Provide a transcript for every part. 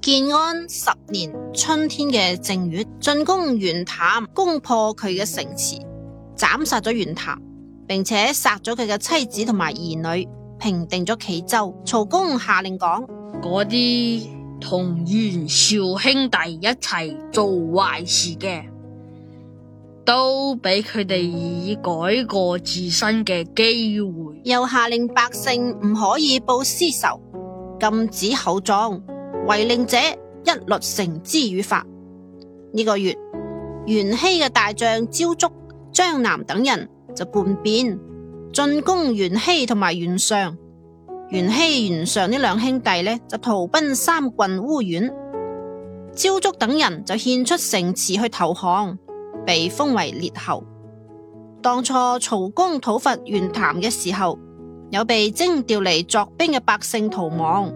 建安十年春天嘅正月，進攻袁譚，攻破佢嘅城池，斬殺咗袁譚，並且殺咗佢嘅妻子同埋兒女，平定咗冀州。曹公下令講：嗰啲同袁紹兄弟一齊做壞事嘅，都俾佢哋以改過自身嘅機會。又下令百姓唔可以報私仇，禁止厚葬。違令者一律繩之於法。呢個月，袁熙嘅大將焦觸、張南等人就叛變，進攻袁熙同埋袁尚。袁熙、袁尚呢兩兄弟呢就逃奔三郡烏丸，焦觸等人就獻出城池去投降，被封為列侯。當初曹公討伐袁譚嘅時候，有被徵調嚟作兵嘅百姓逃亡。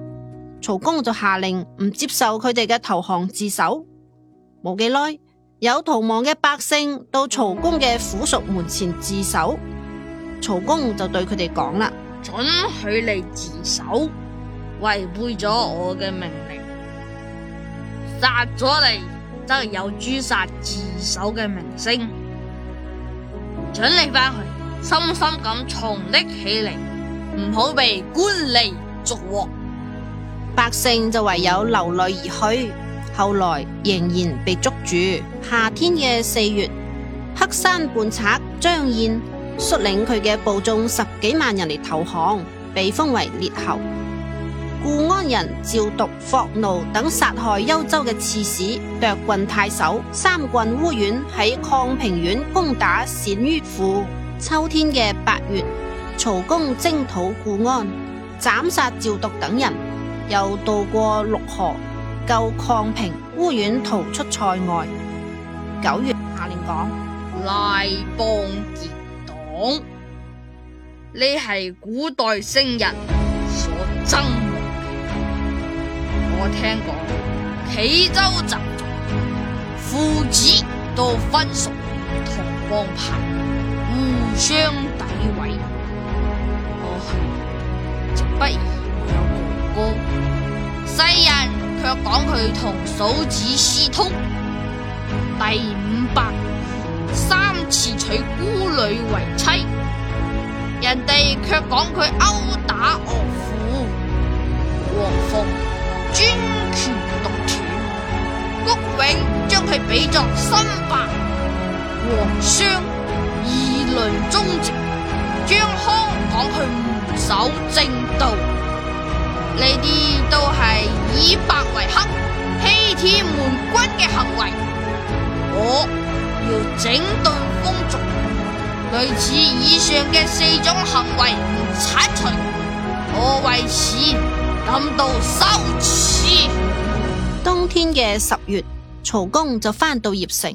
曹公就下令唔接受佢哋嘅投降自首。冇幾耐，有逃亡嘅百姓到曹公嘅府屬門前自首，曹公就對佢哋講啦：准許你自首，違背咗我嘅命令，殺咗你真係有誅殺自首嘅名聲。准你翻去，深深咁藏匿起嚟，唔好被官吏捉獲。百姓就唯有流淚而去，後來仍然被捉住。夏天嘅四月，黑山叛賊張燕率領佢嘅部眾十幾萬人嚟投降，被封為列侯。故安人趙毒、霍怒等殺害幽州嘅刺史、涿郡太守，三郡烏丸喺獷平縣攻打鮮于輔。秋天嘅八月，曹公征討故安，斬殺趙毒等人。又渡過六河，救抗平，烏丸逃出塞外。九月下令，講拉幫結黨，呢係古代聖人所憎惡嘅。我聽講冀州習俗父子都分屬同幫派，互相詆毀，我恨係就不宜有胡歌。講佢同嫂子私通，第五伯三次娶孤女為妻，人哋卻講佢毆打岳父王鳳，專權獨斷，谷永將佢比作申伯、王商議類忠直，張康講佢唔守正道，呢啲。整頓工作，類似以上嘅四種行為唔鏟除，我為此感到羞恥。冬天嘅十月，曹公就翻到鄴城。